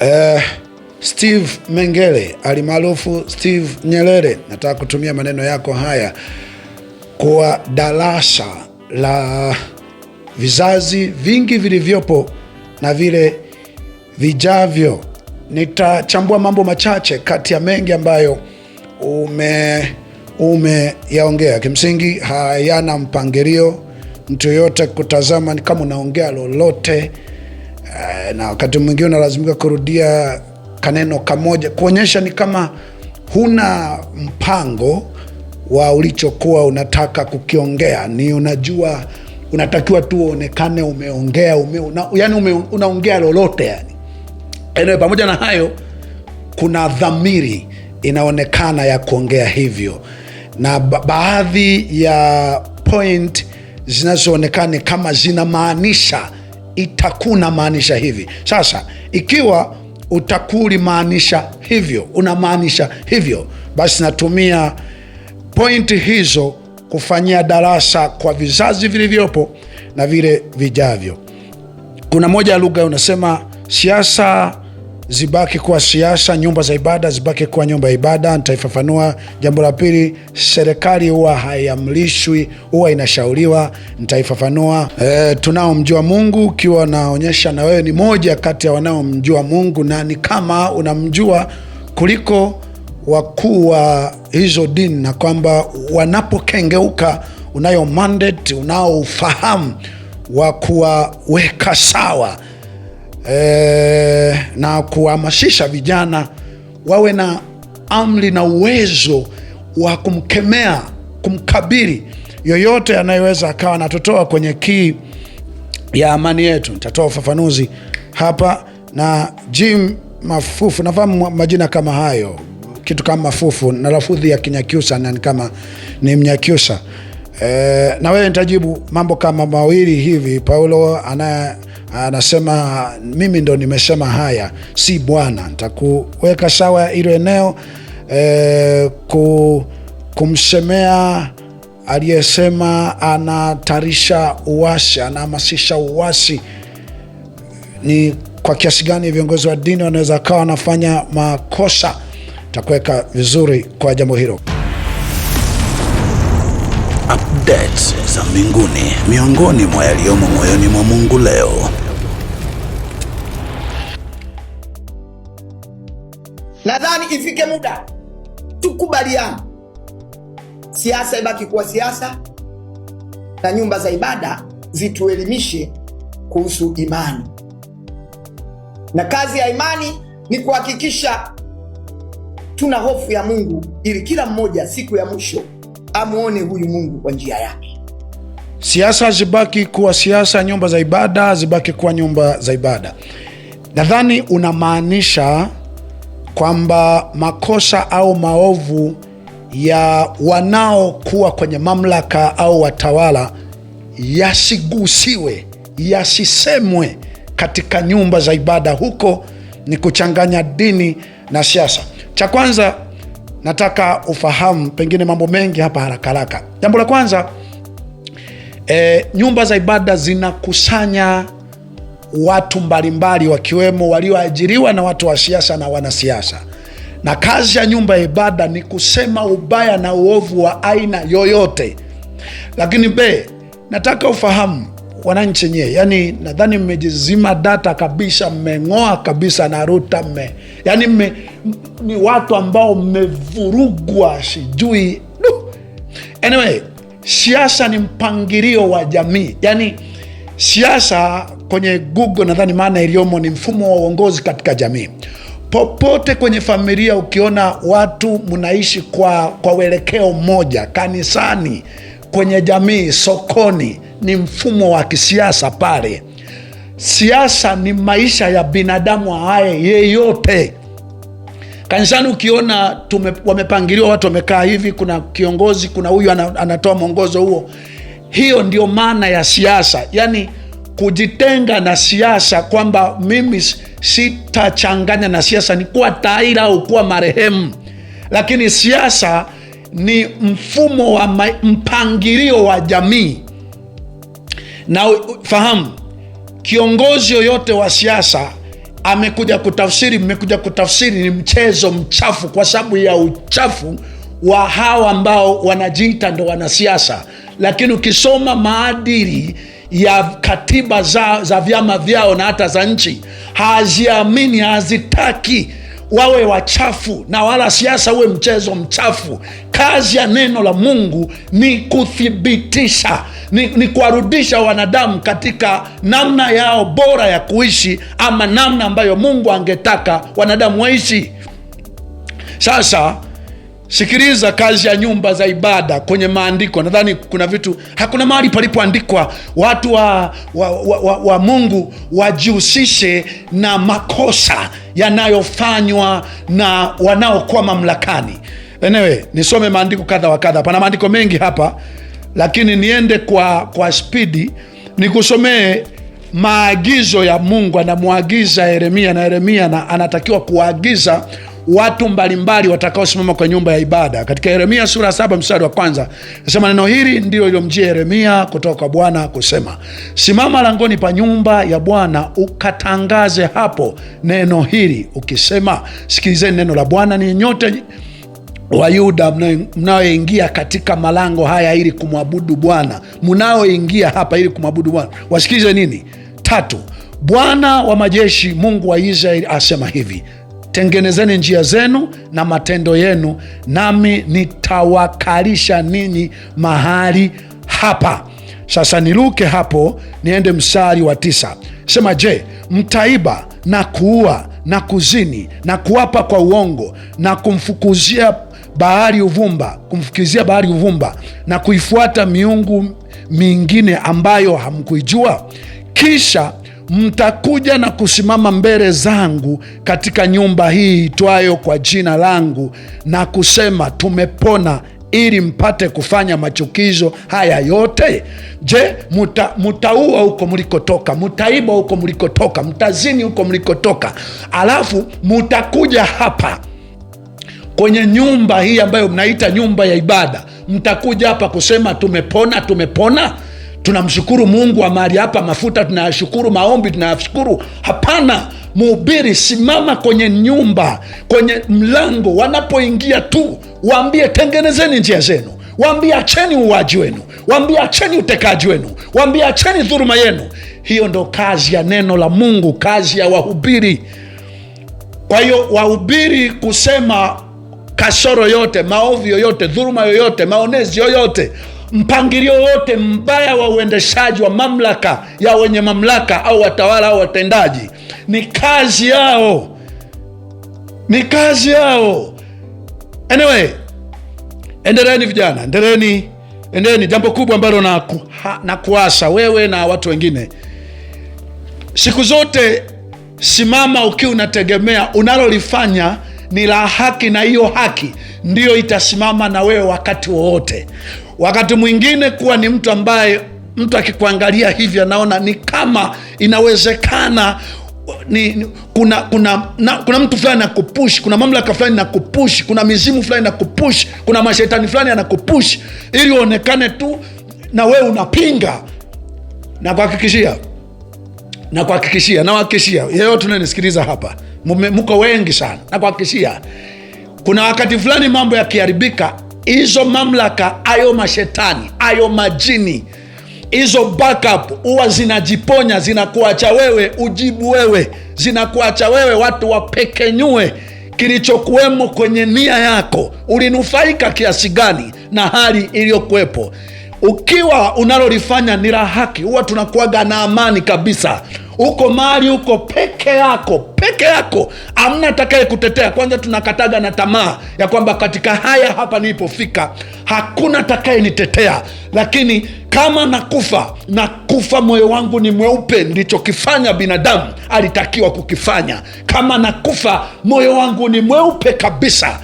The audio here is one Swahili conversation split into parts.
Eh, Steve Mengele alimaarufu Steve Nyerere, nataka kutumia maneno yako haya kuwa darasa la vizazi vingi vilivyopo na vile vijavyo. Nitachambua mambo machache kati ya mengi ambayo ume umeyaongea. Kimsingi hayana mpangilio, mtu yoyote kutazama ni kama unaongea lolote. Eh, na wakati mwingine unalazimika kurudia kaneno kamoja kuonyesha ni kama huna mpango wa ulichokuwa unataka kukiongea. Ni unajua unatakiwa tu uonekane umeongea ume, una, yani ume, unaongea lolote yani. Anyway, pamoja na hayo kuna dhamiri inaonekana ya kuongea hivyo, na ba baadhi ya point zinazoonekana kama zinamaanisha itakuna maanisha hivi. Sasa ikiwa utakuli maanisha hivyo, unamaanisha hivyo, basi natumia pointi hizo kufanyia darasa kwa vizazi vilivyopo na vile vijavyo. Kuna moja ya lugha unasema siasa zibaki kuwa siasa, nyumba za ibada zibaki kuwa nyumba ya ibada. Nitaifafanua. Jambo la pili, serikali huwa haiamrishwi, huwa inashauriwa. Nitaifafanua. E, tunaomjua Mungu, ukiwa naonyesha na wewe ni moja kati ya wanaomjua Mungu, na ni kama unamjua kuliko wakuu wa hizo dini, na kwamba wanapokengeuka unayo mandate, unao ufahamu wa kuwaweka sawa Eh, na kuhamasisha vijana wawe na amri na uwezo wa kumkemea, kumkabiri yoyote anayeweza akawa anatotoa kwenye kii ya amani yetu. Nitatoa ufafanuzi hapa na Jim Mafufu, nafahamu majina kama hayo, kitu kama Mafufu na lafudhi ya Kinyakyusa nani kama ni Mnyakyusa. E, na wewe nitajibu mambo kama mawili hivi. Paulo anaye anasema mimi ndo nimesema haya, si Bwana. Nitakuweka sawa ilo eneo e, ku, kumsemea aliyesema anatarisha uasi, anahamasisha uasi ni kwa kiasi gani viongozi wa dini wanaweza kawa wanafanya makosa. Takuweka vizuri kwa jambo hilo. Updates za mbinguni, miongoni mwa yaliyomo moyoni mwa Mungu leo. Nadhani ifike muda tukubaliane, siasa ibaki kuwa siasa na nyumba za ibada zituelimishe kuhusu imani, na kazi ya imani ni kuhakikisha tuna hofu ya Mungu ili kila mmoja siku ya mwisho amuone huyu Mungu kwa njia yake. Siasa zibaki kuwa siasa, nyumba za ibada zibaki kuwa nyumba za ibada. Nadhani unamaanisha kwamba makosa au maovu ya wanaokuwa kwenye mamlaka au watawala yasigusiwe, yasisemwe katika nyumba za ibada. Huko ni kuchanganya dini na siasa. Cha kwanza nataka ufahamu pengine mambo mengi hapa haraka haraka. Jambo la kwanza, e, nyumba za ibada zinakusanya watu mbalimbali wakiwemo walioajiriwa na watu wa siasa na wanasiasa. Na kazi ya nyumba ya ibada ni kusema ubaya na uovu wa aina yoyote. Lakini be, nataka ufahamu wananchi nyewe, yani nadhani mmejizima data kabisa, mmeng'oa kabisa na Ruta mme, yani mme, ni watu ambao mmevurugwa, sijui Anyway, siasa ni mpangilio wa jamii yani Siasa kwenye Google nadhani maana iliyomo ni mfumo wa uongozi katika jamii. Popote kwenye familia ukiona watu mnaishi kwa, kwa uelekeo mmoja, kanisani, kwenye jamii, sokoni, ni mfumo wa kisiasa pale. Siasa ni maisha ya binadamu haye yeyote. Kanisani ukiona tume, wamepangiliwa watu wamekaa hivi, kuna kiongozi, kuna huyu anatoa mwongozo huo hiyo ndio maana ya siasa, yani kujitenga na siasa, kwamba mimi sitachanganya na siasa, ni kuwa taira au kuwa marehemu. Lakini siasa ni mfumo wa mpangilio wa jamii, na fahamu, kiongozi yoyote wa siasa amekuja kutafsiri, mmekuja kutafsiri, ni mchezo mchafu, kwa sababu ya uchafu wa hawa ambao wanajiita ndo wanasiasa lakini ukisoma maadili ya katiba za, za vyama vyao na hata za nchi, haziamini hazitaki wawe wachafu na wala siasa uwe mchezo mchafu. Kazi ya neno la Mungu ni kuthibitisha, ni, ni kuwarudisha wanadamu katika namna yao bora ya kuishi, ama namna ambayo Mungu angetaka wanadamu waishi. Sasa Sikiliza kazi ya nyumba za ibada kwenye maandiko. Nadhani kuna vitu, hakuna mahali palipoandikwa watu wa, wa, wa, wa, wa Mungu wajihusishe na makosa yanayofanywa na wanaokuwa mamlakani. Enewe nisome maandiko kadha wa kadha, pana maandiko mengi hapa, lakini niende kwa, kwa spidi nikusomee maagizo ya Mungu. Anamwagiza Yeremia na Yeremia na anatakiwa kuwaagiza watu mbalimbali watakaosimama kwa nyumba ya ibada. Katika Yeremia sura saba mstari wa kwanza nasema neno hili ndilo iliyomjia Yeremia kutoka kwa Bwana kusema, simama langoni pa nyumba ya Bwana ukatangaze hapo neno hili ukisema, sikilizeni neno la Bwana ni nyote wa Yuda mnaoingia katika malango haya ili kumwabudu Bwana, mnaoingia hapa ili kumwabudu Bwana wasikilize nini? Tatu, Bwana wa majeshi Mungu wa Israeli asema hivi tengenezeni njia zenu na matendo yenu, nami nitawakalisha ninyi mahali hapa. Sasa niruke hapo niende mstari wa tisa. Sema, je, mtaiba na kuua na kuzini na kuapa kwa uongo na kumfukuzia bahari uvumba, kumfukizia bahari uvumba na kuifuata miungu mingine ambayo hamkuijua? Kisha mtakuja na kusimama mbele zangu katika nyumba hii itwayo kwa jina langu na kusema tumepona, ili mpate kufanya machukizo haya yote? Je, muta, mutaua huko mlikotoka, mutaiba huko mlikotoka, mtazini huko mlikotoka, alafu mutakuja hapa kwenye nyumba hii ambayo mnaita nyumba ya ibada, mtakuja hapa kusema tumepona, tumepona tunamshukuru Mungu wa mahali hapa, mafuta tunayashukuru, maombi tunayashukuru. Hapana, mhubiri, simama kwenye nyumba, kwenye mlango, wanapoingia tu waambie, tengenezeni njia zenu, waambie acheni uwaji wenu, waambie acheni utekaji wenu, waambie acheni dhuruma yenu. Hiyo ndo kazi ya neno la Mungu, kazi ya wahubiri. Kwa hiyo wahubiri kusema kasoro yote, maovu yoyote, dhuruma yoyote, maonezi yoyote Mpangilio wote mbaya wa uendeshaji wa mamlaka ya wenye mamlaka au watawala au watendaji ni kazi yao, ni kazi yao. Anyway, endeleeni vijana, endeleeni, endeleeni. Jambo kubwa ambalo na, na kuasa wewe na watu wengine siku zote, simama ukiwa unategemea unalolifanya ni la haki, na hiyo haki ndiyo itasimama na wewe wakati wowote. Wakati mwingine kuwa ni mtu ambaye mtu akikuangalia hivi anaona ni kama inawezekana ni, ni, kuna kuna na, kuna mtu fulani nakupush, kuna mamlaka fulani nakupush, kuna mizimu fulani nakupush, kuna mashetani fulani anakupush ili uonekane tu na wewe unapinga. Nakuhakikishia, nakuhakikishia, nawahakikishia yeyote unanisikiliza hapa, mko wengi sana. Nakuhakikishia kuna wakati fulani mambo yakiharibika hizo mamlaka, ayo mashetani, ayo majini, hizo backup huwa zinajiponya, zinakuacha wewe ujibu wewe, zinakuacha wewe watu wapekenyue kilichokuwemo kwenye nia yako. Ulinufaika kiasi gani na hali iliyokuwepo? Ukiwa unalolifanya ni la haki, huwa tunakuwaga na amani kabisa uko mali, uko peke yako, peke yako, amna atakaye kutetea. Kwanza tunakataga na tamaa ya kwamba katika haya hapa nilipofika hakuna nitetea, lakini kama nakufa nakufa, moyo wangu ni mweupe. Ndichokifanya binadamu alitakiwa kukifanya. Kama nakufa, moyo wangu ni mweupe kabisa.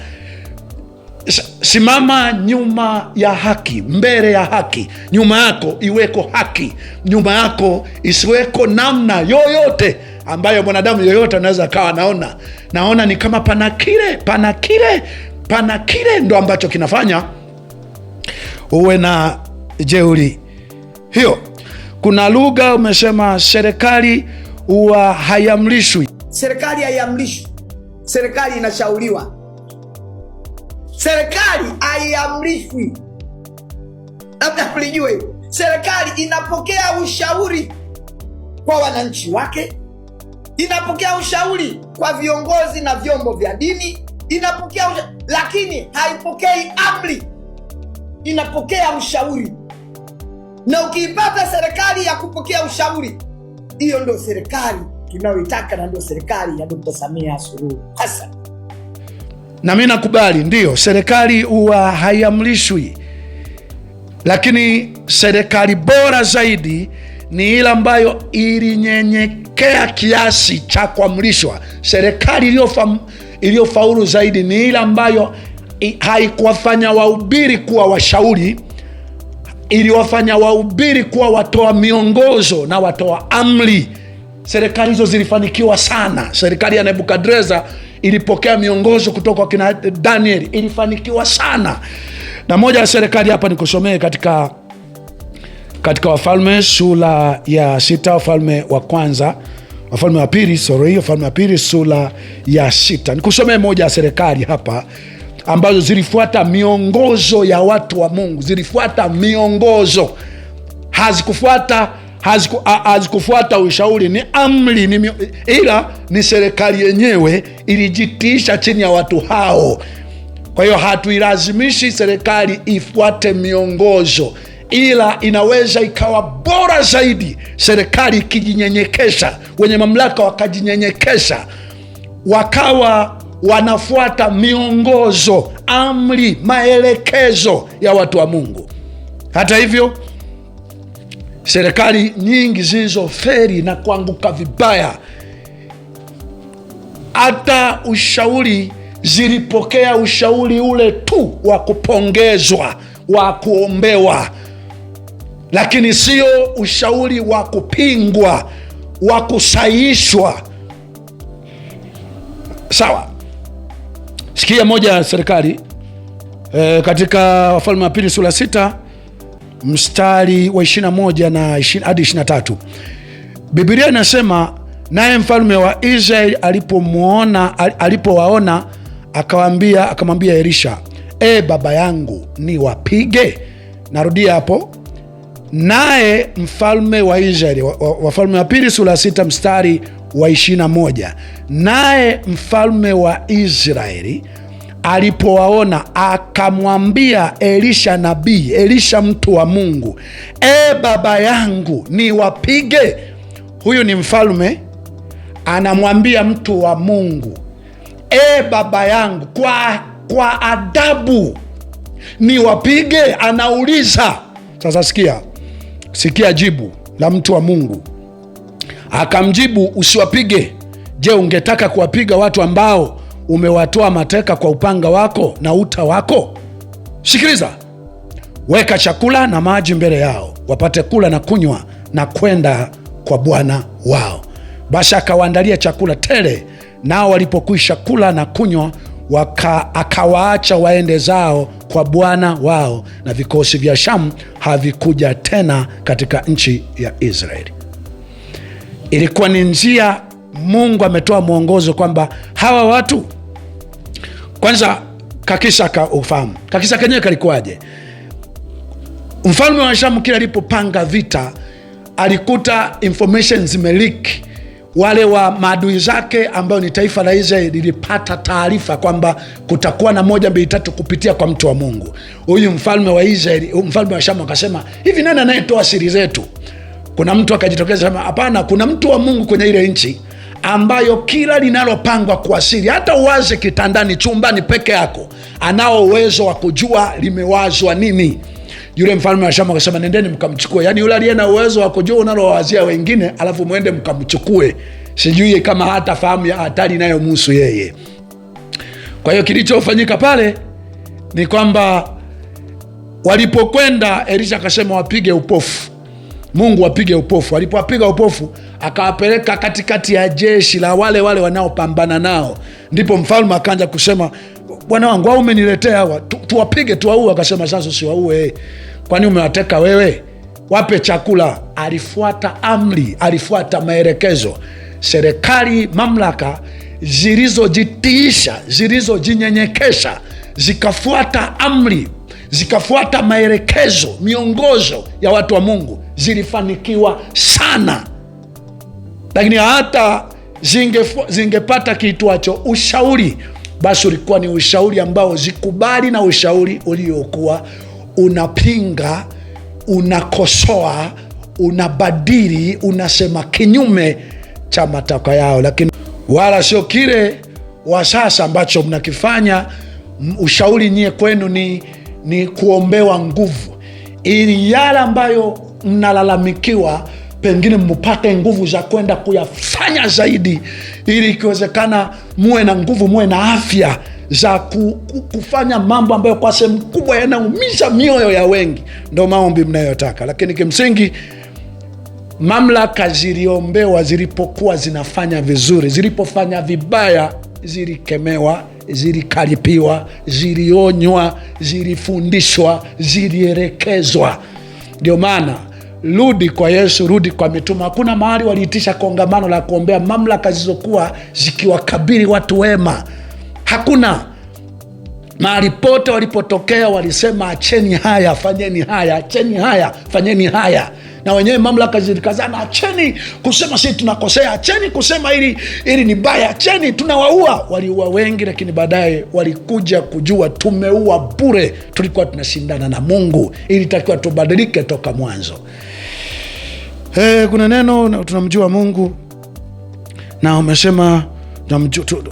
Simama nyuma ya haki, mbele ya haki. Nyuma yako iweko haki, nyuma yako isiweko namna yoyote ambayo mwanadamu yoyote anaweza akawa anaona. Naona ni kama pana kile, pana kile, pana kile ndo ambacho kinafanya uwe na jeuri hiyo. Kuna lugha umesema serikali huwa haiamrishwi, serikali haiamrishwi, serikali inashauriwa Serikali haiamrishwi, labda tulijue Serikali inapokea ushauri kwa wananchi wake, inapokea ushauri kwa viongozi na vyombo vya dini, inapokea usha... lakini haipokei amri, inapokea ushauri. Na ukiipata serikali ya kupokea ushauri, hiyo ndio serikali tunayoitaka na ndio serikali ya Dkt. Samia Suluhu Hassan na mi nakubali, ndiyo serikali huwa haiamrishwi, lakini serikali bora zaidi ni ile ambayo ilinyenyekea kiasi cha kuamrishwa. Serikali iliyofaulu zaidi ni ile ambayo haikuwafanya wahubiri kuwa washauri, iliwafanya wahubiri kuwa watoa miongozo na watoa amri. Serikali hizo zilifanikiwa sana. Serikali ya Nebukadreza ilipokea miongozo kutoka kwa kina Danieli, ilifanikiwa sana. Na moja ya serikali hapa nikusomee katika, katika Wafalme sura ya sita, Wafalme wa kwanza Wafalme wa pili, sorry, Wafalme wa pili sura ya sita. Nikusomee moja ya serikali hapa ambazo zilifuata miongozo ya watu wa Mungu, zilifuata miongozo, hazikufuata hazikufuata ushauri, ni amri ni mio, ila ni serikali yenyewe ilijitiisha chini ya watu hao. Kwa hiyo hatuilazimishi serikali ifuate miongozo, ila inaweza ikawa bora zaidi serikali ikijinyenyekesha, wenye mamlaka wakajinyenyekesha, wakawa wanafuata miongozo, amri, maelekezo ya watu wa Mungu. Hata hivyo serikali nyingi zilizoferi na kuanguka vibaya, hata ushauri zilipokea ushauri ule tu wa kupongezwa, wa kuombewa, lakini sio ushauri wa kupingwa, wa kusaiishwa. Sawa, sikia moja ya serikali e, katika Wafalme wa Pili sura sita mstari wa 21 na hadi 23, Biblia inasema naye mfalme wa Israeli alipomwona, alipowaona akawambia, akamwambia Elisha, e baba yangu niwapige? Narudia hapo, naye mfalme wa Israeli, Wafalme wa Pili sura ya sita mstari wa 21, naye mfalme wa Israeli alipowaona akamwambia Elisha nabii, Elisha mtu wa Mungu, e baba yangu niwapige. Huyu ni mfalme anamwambia mtu wa Mungu, e baba yangu, kwa, kwa adabu niwapige? Anauliza sasa. Sikia, sikia jibu la mtu wa Mungu. Akamjibu, usiwapige. Je, ungetaka kuwapiga watu ambao umewatoa mateka kwa upanga wako na uta wako. Sikiliza, weka chakula na maji mbele yao, wapate kula na kunywa na kwenda kwa bwana wao. Basi akawaandalia chakula tele, nao walipokwisha kula na kunywa waka, akawaacha waende zao kwa bwana wao, na vikosi vya Shamu havikuja tena katika nchi ya Israeli. Ilikuwa ni njia Mungu ametoa mwongozo kwamba hawa watu kwanza, kakisa ka ufahamu, kakisa kenyewe kalikuwaje? Mfalme wa Shamu kila alipopanga vita alikuta information zimeliki wale wa maadui zake ambayo ni taifa la Israeli lilipata taarifa kwamba kutakuwa na moja mbili tatu kupitia kwa mtu wa Mungu huyu. Mfalme wa Israeli, mfalme wa Shamu akasema hivi, nani anayetoa siri zetu? Kuna mtu akajitokeza sema, hapana, kuna mtu wa Mungu kwenye ile nchi ambayo kila linalopangwa kuasiri hata uwaze kitandani, chumbani peke yako, anao uwezo wa kujua limewazwa nini. Yule mfalme wa Shamu akasema, nendeni mkamchukue. Yani yule aliye na uwezo wa kujua unalowawazia wengine, alafu mwende mkamchukue, sijui kama hata fahamu ya hatari inayomhusu yeye. Kwa hiyo kilichofanyika pale ni kwamba walipokwenda, Elisha akasema wapige upofu Mungu apige upofu. Alipowapiga upofu, akawapeleka katikati ya jeshi la wale wale wanaopambana nao, ndipo mfalme akaanza kusema, bwana wangu, au umeniletea hawa tuwapige, tuwaue? Akasema, sasa usiwaue, kwani umewateka wewe? Wape chakula. Alifuata amri, alifuata maelekezo. Serikali, mamlaka zilizojitiisha, zilizojinyenyekesha, zikafuata amri zikafuata maelekezo, miongozo ya watu wa Mungu, zilifanikiwa sana, lakini hata zingefu, zingepata kiitwacho ushauri, basi ulikuwa ni ushauri ambao zikubali na ushauri uliokuwa unapinga, unakosoa, unabadili, unasema kinyume cha matakwa yao, lakini wala sio kile wa sasa ambacho mnakifanya. Ushauri nyie kwenu ni ni kuombewa nguvu, ili yale ambayo mnalalamikiwa pengine mpate nguvu za kwenda kuyafanya zaidi, ili ikiwezekana muwe na nguvu, muwe na afya za ku, ku, kufanya mambo ambayo kwa sehemu kubwa yanaumiza mioyo ya wengi. Ndo maombi mnayotaka, lakini kimsingi mamlaka ziliombewa zilipokuwa zinafanya vizuri, zilipofanya vibaya zilikemewa zilikaripiwa, zilionywa, zilifundishwa, zilielekezwa. Ndio maana rudi kwa Yesu, rudi kwa mitume. Hakuna mahali waliitisha kongamano la kuombea mamlaka zilizokuwa zikiwakabili watu wema. Hakuna mahali pote walipotokea walisema, acheni haya, fanyeni haya, acheni haya, fanyeni haya na wenyewe mamlaka zilikazana, acheni kusema sisi tunakosea, acheni kusema ili ili ni baya, acheni tunawaua. Waliua wengi, lakini baadaye walikuja kujua tumeua bure, tulikuwa tunashindana na Mungu. ili takiwa tubadilike toka mwanzo. Hey, eh, kuna neno tunamjua Mungu na umesema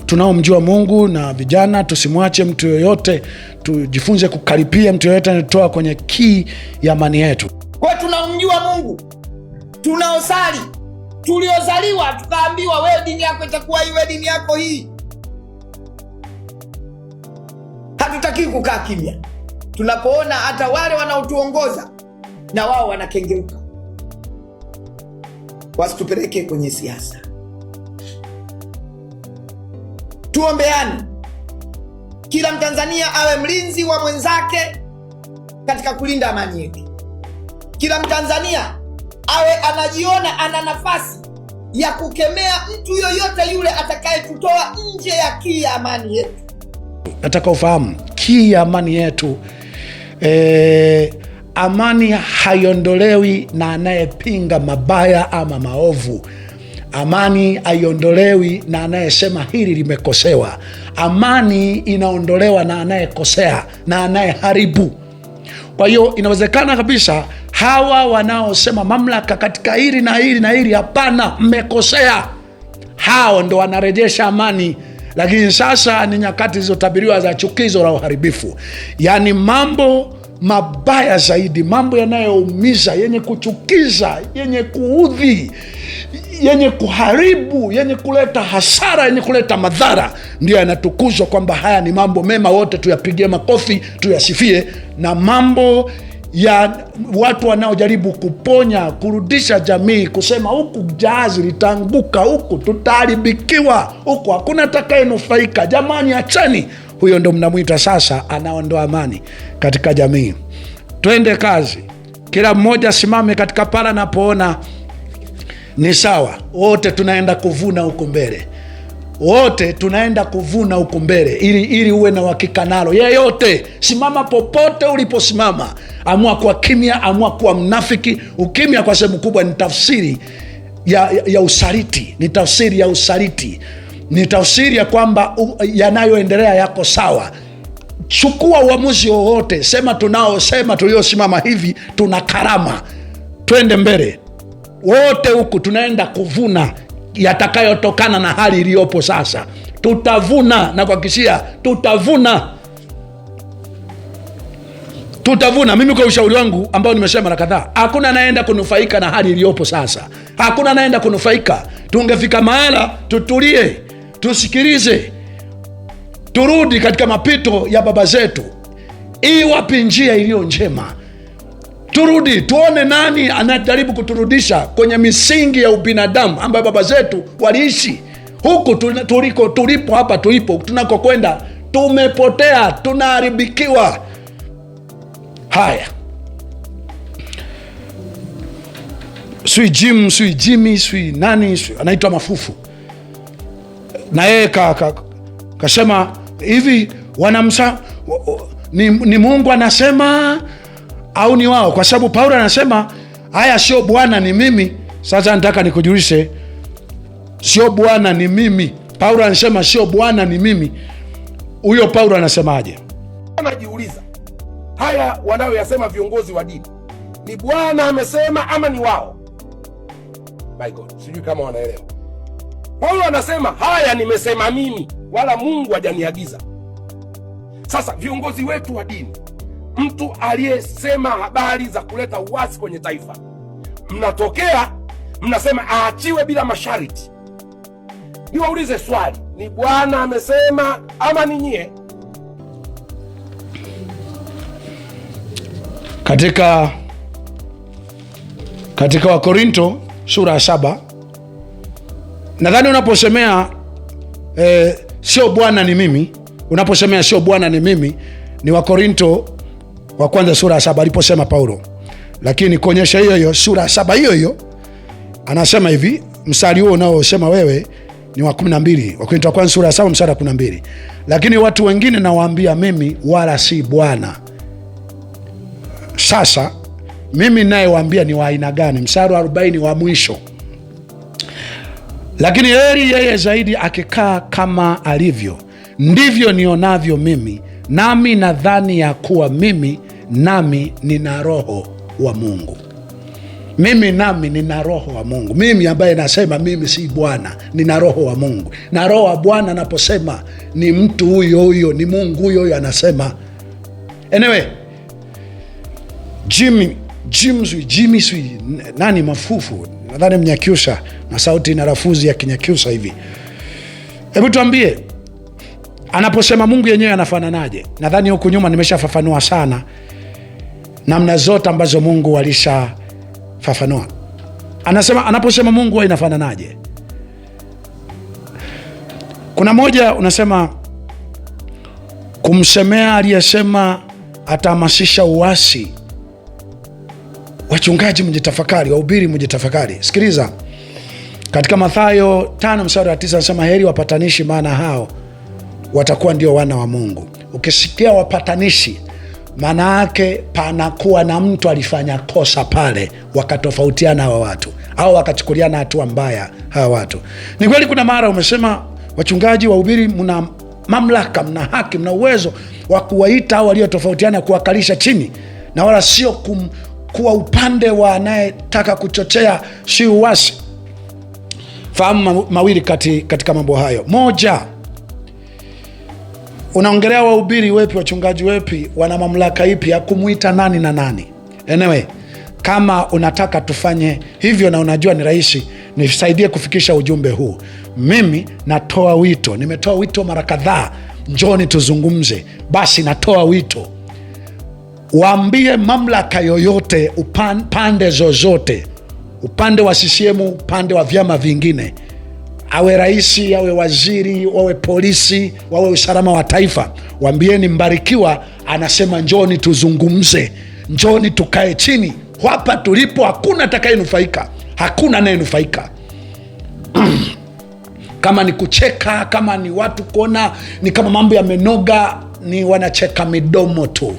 tunaomjua Mungu na vijana, tusimwache mtu yoyote, tujifunze kukaripia mtu yoyote anatoa kwenye kii ya imani yetu. Kwa tunamjua Mungu, tunaosali, tuliozaliwa tukaambiwa, wewe dini yako itakuwa iwe dini yako hii. Hatutaki kukaa kimya tunapoona hata wale wanaotuongoza na wao wanakengeuka. Wasitupeleke kwenye siasa, tuombeane. Kila Mtanzania awe mlinzi wa mwenzake katika kulinda amani yetu. Kila Mtanzania awe anajiona ana nafasi ya kukemea mtu yoyote yule atakayetutoa nje ya kii ya amani yetu. Nataka ufahamu kii ya amani yetu e, amani haiondolewi na anayepinga mabaya ama maovu. Amani haiondolewi na anayesema hili limekosewa. Amani inaondolewa na anayekosea na anayeharibu. Kwa hiyo inawezekana kabisa hawa wanaosema mamlaka katika hili na hili na hili, hapana, mmekosea. Hao ndo wanarejesha amani. Lakini sasa ni nyakati zilizotabiriwa za chukizo la uharibifu, yaani mambo mabaya zaidi, mambo yanayoumiza, yenye kuchukiza, yenye kuudhi, yenye kuharibu, yenye kuleta hasara, yenye kuleta madhara, ndiyo yanatukuzwa kwamba haya ni mambo mema. Wote tuyapigie makofi, tuyasifie na mambo ya watu wanaojaribu kuponya, kurudisha jamii, kusema huku jahazi litaanguka, huku tutaharibikiwa, huku hakuna atakayenufaika, jamani, achani. Huyo ndo mnamwita sasa, anaondoa amani katika jamii. Twende kazi, kila mmoja asimame katika pala napoona ni sawa, wote tunaenda kuvuna huku mbele wote tunaenda kuvuna huku mbele, ili ili uwe na uhakika nalo. Yeyote simama popote uliposimama, amua kuwa kimya, amua kuwa mnafiki. Ukimya kwa sehemu kubwa ni tafsiri ya, ya, ya usaliti, ni tafsiri ya usaliti, ni tafsiri ya kwamba yanayoendelea yako sawa. Chukua uamuzi wowote, sema tunaosema, tuliosimama hivi, tuna karama, twende mbele wote huku tunaenda kuvuna yatakayotokana na hali iliyopo sasa. Tutavuna na kuhakikishia, tutavuna tutavuna. Mimi kwa ushauri wangu ambao nimesema mara kadhaa, hakuna anaenda kunufaika na hali iliyopo sasa, hakuna anaenda kunufaika. Tungefika mahala tutulie, tusikilize, turudi katika mapito ya baba zetu. Iwapi njia iliyo njema turudi tuone nani anajaribu kuturudisha kwenye misingi ya ubinadamu ambayo baba zetu waliishi. Huku tuliko tulipo, hapa tulipo, tunakokwenda tumepotea, tunaharibikiwa. Haya, sui Jim sui Jimi sui nani sui, anaitwa Mafufu na yeye ka, ka, kasema hivi wanamsa ni, ni Mungu anasema au ni wao? Kwa sababu Paulo anasema haya sio Bwana ni mimi. Sasa nataka nikujulishe, sio Bwana ni mimi. Paulo anasema sio Bwana ni mimi. Huyo Paulo anasemaje? Anajiuliza, haya wanayoyasema viongozi wa dini ni Bwana amesema ama ni wao? My God, sijui kama wanaelewa. Paulo anasema haya nimesema mimi, wala Mungu hajaniagiza. Sasa viongozi wetu wa dini mtu aliyesema habari za kuleta uasi kwenye taifa, mnatokea mnasema aachiwe bila masharti. Niwaulize swali, ni Bwana amesema ama ni nyie? Katika katika Wakorinto sura ya saba nadhani unaposemea eh, sio Bwana ni mimi, unaposemea sio Bwana ni mimi ni Wakorinto wa kwanza sura ya saba aliposema Paulo. Lakini kuonyesha hiyo hiyo sura ya saba hiyo hiyo anasema hivi, mstari huo unaosema wewe ni wa 12, Wakorintho wa kwanza sura ya saba mstari wa 12. Lakini watu wengine nawaambia mimi, wala si Bwana. Sasa mimi naye waambia ni wa aina gani? Mstari wa 40 wa mwisho. Lakini heri yeye zaidi akikaa kama alivyo, ndivyo nionavyo mimi nami nadhani ya kuwa mimi nami nina roho wa Mungu mimi nami nina roho wa Mungu. Mimi ambaye nasema mimi si Bwana, nina roho wa Mungu, na roho wa Bwana anaposema ni mtu huyo huyo, ni Mungu huyo huyo anasema. Anyway, Jimmy, Jim nani mafufu, nadhani Mnyakyusa na sauti na rafuzi ya Kinyakyusa hivi. Hebu tuambie anaposema Mungu yenyewe anafananaje? Nadhani huku nyuma nimeshafafanua sana namna zote ambazo Mungu alishafafanua. Anasema anaposema Mungu inafananaje? Kuna moja unasema kumsemea aliyesema atahamasisha uasi. Wachungaji waubiri wahubiri tafakari Sikiliza, katika Mathayo tano mstari wa tisa anasema heri wapatanishi, maana hao watakuwa ndio wana wa Mungu. Ukisikia wapatanishi, maana yake panakuwa na mtu alifanya kosa pale, wakatofautiana hawa watu au wakachukuliana hatua mbaya hawa watu. Ni kweli, kuna mara umesema wachungaji, wahubiri, mna mamlaka, mna haki, mna uwezo wa kuwaita au waliotofautiana kuwakalisha chini, na wala sio kuwa upande wa anayetaka kuchochea si uasi. Fahamu mawili kati, katika mambo hayo moja unaongelea wahubiri wepi, wachungaji wepi, wana mamlaka ipi ya kumwita nani na nani? enewe kama unataka tufanye hivyo na unajua ni rahisi, nisaidie kufikisha ujumbe huu. Mimi natoa wito, nimetoa wito mara kadhaa, njoni tuzungumze. Basi natoa wito, waambie mamlaka yoyote upan, pande zozote, upande wa CCM, upande wa vyama vingine awe raisi, awe waziri, wawe polisi, wawe usalama wa taifa, waambieni Mbarikiwa anasema njoni tuzungumze, njoni tukae chini. Hapa tulipo hakuna atakayenufaika, hakuna anayenufaika kama ni kucheka, kama ni watu kuona ni kama mambo yamenoga, ni wanacheka midomo tu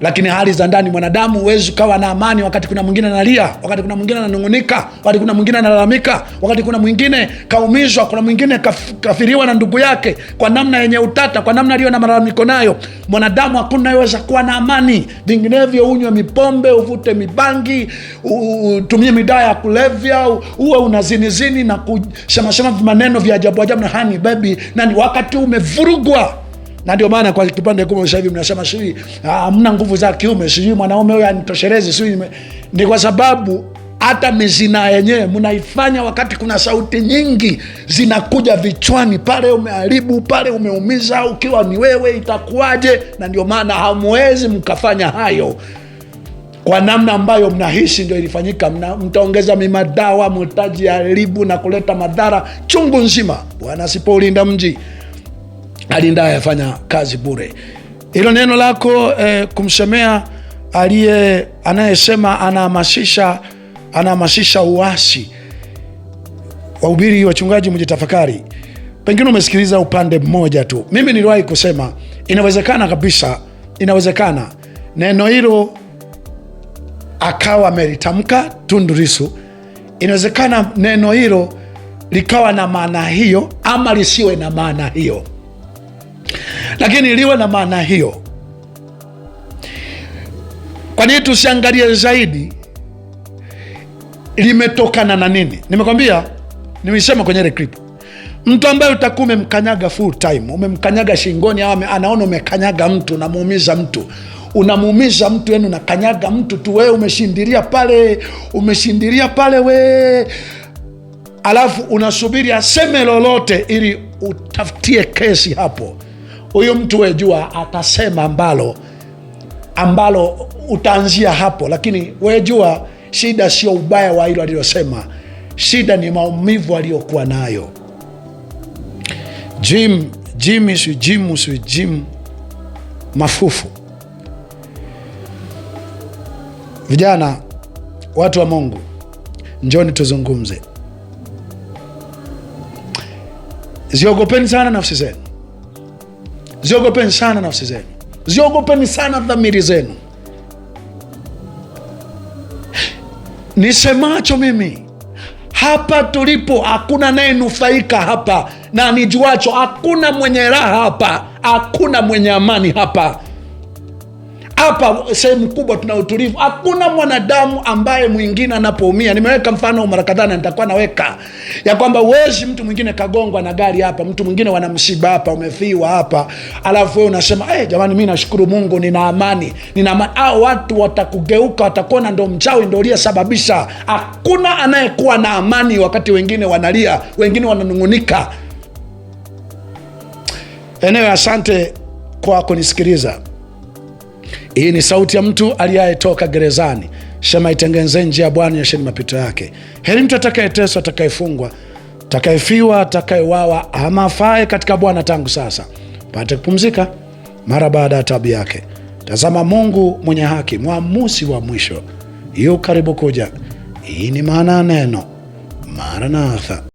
lakini hali za ndani mwanadamu, huwezi ukawa na amani wakati kuna mwingine analia, wakati kuna mwingine ananung'unika, wakati kuna mwingine analalamika, wakati kuna mwingine kaumizwa, kuna mwingine kaf, kafiriwa na ndugu yake kwa namna yenye utata, kwa namna aliyo na malalamiko nayo. Mwanadamu hakuna anayeweza kuwa na amani, vinginevyo unywe mipombe, uvute mibangi, utumie midawa ya kulevya, uwe unazinizini na kushamashama maneno vya ajabu ajabu na hani bebi nani, wakati umevurugwa na ndio maana kwa kipande kimoja sasa hivi mnasema sijui ah, hamna nguvu za kiume, sijui mwanaume huyo anitoshelezi, sijui ni kwa sababu hata mizina yenyewe mnaifanya wakati kuna sauti nyingi zinakuja vichwani pale, umeharibu pale, umeumiza, ukiwa ni wewe itakuwaje? Na ndio maana hamwezi mkafanya hayo kwa namna ambayo mnahisi ndio ilifanyika. Mtaongeza mimadawa, mtaji na kuleta madhara chungu nzima. Bwana asipoulinda mji alindaye afanya kazi bure. Hilo neno lako eh, kumsemea aliye anayesema anahamasisha anahamasisha uasi. Wahubiri, wachungaji, mjitafakari. Pengine umesikiliza upande mmoja tu. Mimi niliwahi kusema inawezekana kabisa, inawezekana neno hilo akawa amelitamka Tundu Lissu, inawezekana neno hilo likawa na maana hiyo ama lisiwe na maana hiyo lakini liwe na maana hiyo. Kwa nini tusiangalie zaidi limetokana na nini? Nimekwambia, nimesema kwenye ile clip, mtu ambaye utakuwa umemkanyaga full time, umemkanyaga shingoni au anaona umekanyaga mtu, unamuumiza mtu unamuumiza mtu, yani unakanyaga mtu tu, wee umeshindilia pale, umeshindilia pale we, alafu unasubiri aseme lolote ili utafutie kesi hapo huyu mtu wejua atasema ambalo ambalo utaanzia hapo, lakini wejua shida sio ubaya wa hilo alilosema, shida ni maumivu aliyokuwa nayo. Jim Jim si Jim si Jim Mafufu. Vijana, watu wa Mungu, njoni tuzungumze, ziogopeni sana nafsi zenu. Ziogopeni sana nafsi zenu, ziogopeni sana dhamiri zenu. Nisemacho mimi hapa tulipo, hakuna anayenufaika hapa, na nijuacho, hakuna mwenye raha hapa, hakuna mwenye amani hapa hapa sehemu kubwa tuna utulivu. Hakuna mwanadamu ambaye mwingine anapoumia, nimeweka mfano mara kadhaa na nitakuwa naweka ya kwamba uwezi, mtu mwingine kagongwa na gari hapa, mtu mwingine wana msiba hapa, umefiwa hapa, alafu wewe unasema hey, eh, jamani, mi nashukuru Mungu, nina amani, nina amani. Au watu watakugeuka, watakuona ndo mchawi, ndo uliyesababisha. Hakuna anayekuwa na amani wakati wengine wanalia, wengine wananung'unika. Eneo, asante kwa kunisikiliza. Hii ni sauti ya mtu aliyetoka gerezani. shema itengenezeni njia ya Bwana, nyosheni mapito yake. Heri mtu atakayeteswa, atakayefungwa, atakayefiwa, atakayewawa ama afae katika Bwana, tangu sasa pate kupumzika mara baada ya tabu yake. Tazama, Mungu mwenye haki, mwamuzi wa mwisho, yu karibu kuja. Hii ni maana ya neno Maranatha.